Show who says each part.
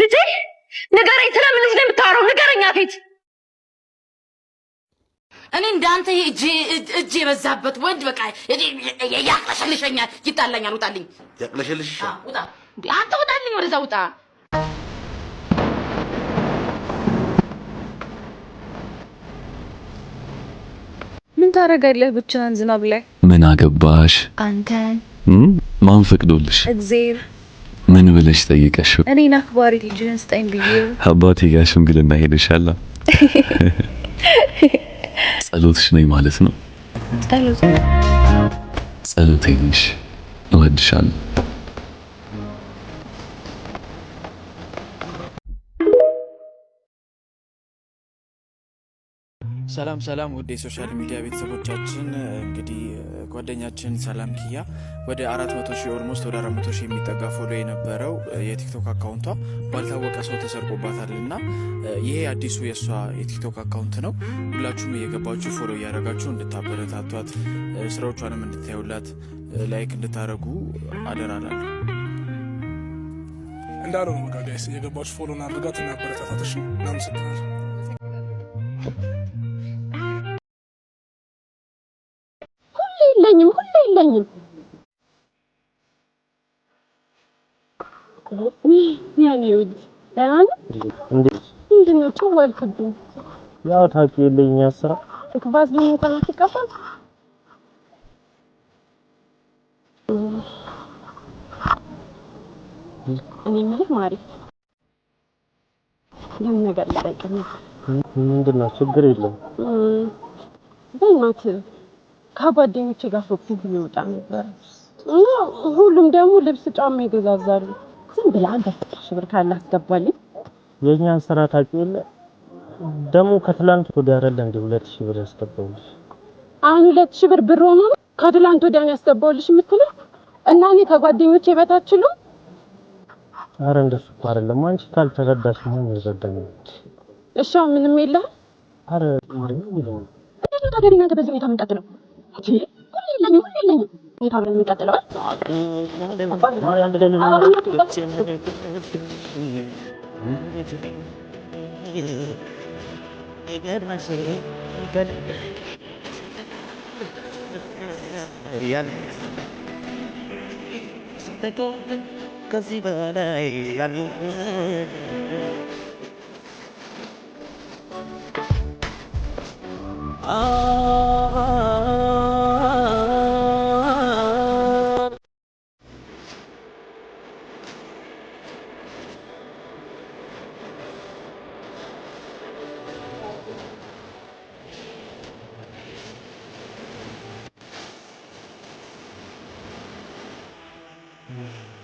Speaker 1: ልጄ ንገረኝ። ስለምን ልጅ የምታወራው? ንገረኝ አፌት እኔ እንዳንተ እጅ የበዛበት ወንድ በቃ ያቅለሸልሸኛል፣ ይጣላኛል። ውጣልኝ! ያቅለሸልሽ አንተ ውጣልኝ! ወደዛ ውጣ! ምን ታደርጋለህ ብቻህን ዝናብ ላይ?
Speaker 2: ምን አገባሽ አንተን ማን ፈቅዶልሽ? እግዜር ምን ብለሽ ጠይቀሽ?
Speaker 1: እኔን አክባሪ ልጅህን ስጠኝ ብዬ
Speaker 2: አባቴ ጋር ሽምግልና ሄደሻል። ጸሎትሽ ነኝ ማለት ነው። ጸሎት ጸሎቴ ነሽ። እወድሻለሁ ሰላም ሰላም ውድ የሶሻል ሚዲያ ቤተሰቦቻችን እንግዲህ ጓደኛችን ሰላም ኪያ ወደ 400 ሺህ ኦልሞስት ወደ 400 ሺህ የሚጠጋ ፎሎ የነበረው የቲክቶክ አካውንቷ ባልታወቀ ሰው ተሰርቆባታል እና ይሄ አዲሱ የእሷ የቲክቶክ አካውንት ነው። ሁላችሁም እየገባችሁ ፎሎ እያደረጋችሁ እንድታበረታቷት ስራዎቿንም እንድታዩላት ላይክ እንድታደረጉ አደራላል እንዳለው ነው መጋጋስ እየገባችሁ ፎሎ እናድርጋት እናበረታታትሽ አበረታታተሽ ነው። እናመሰግናለን። የለኝም፣ ሁሉ የለኝም። ያው ውድ ለማን እንዴ ምንድን ነው ተወልኩብኝ። ምን እንኳን እኔ የምልህ ማሪ ነገር ነው። ምንድን ነው ችግር የለም ከጓደኞቼ ጋር ሾፒንግ የሚወጣ ነበር እና ሁሉም ደግሞ ልብስ፣ ጫማ ይገዛዛሉ። ዝም ብለህ አንተ ትሽ ብር ካላስገባልኝ የእኛን ስራ ታውቂው ደግሞ ከትላንት ወዲያ አይደለ እንደ ሁለት ሺህ ብር አሁን ሁለት ሺህ ብር ብር ሆኖ ከትላንት ወዲያ ያስገባሁልሽ የምትለው እና እኔ ከጓደኞቼ በታች አረ እንደሱ እኮ አይደለም። አንቺ ካልተረዳሽ ምን ይረዳኝ? እሺ ምንም የለህም። አረ ምንም ይሁን። ነው እናንተ በዚህ ሁኔታ ከዚህ በላይ ያሉ Oh mm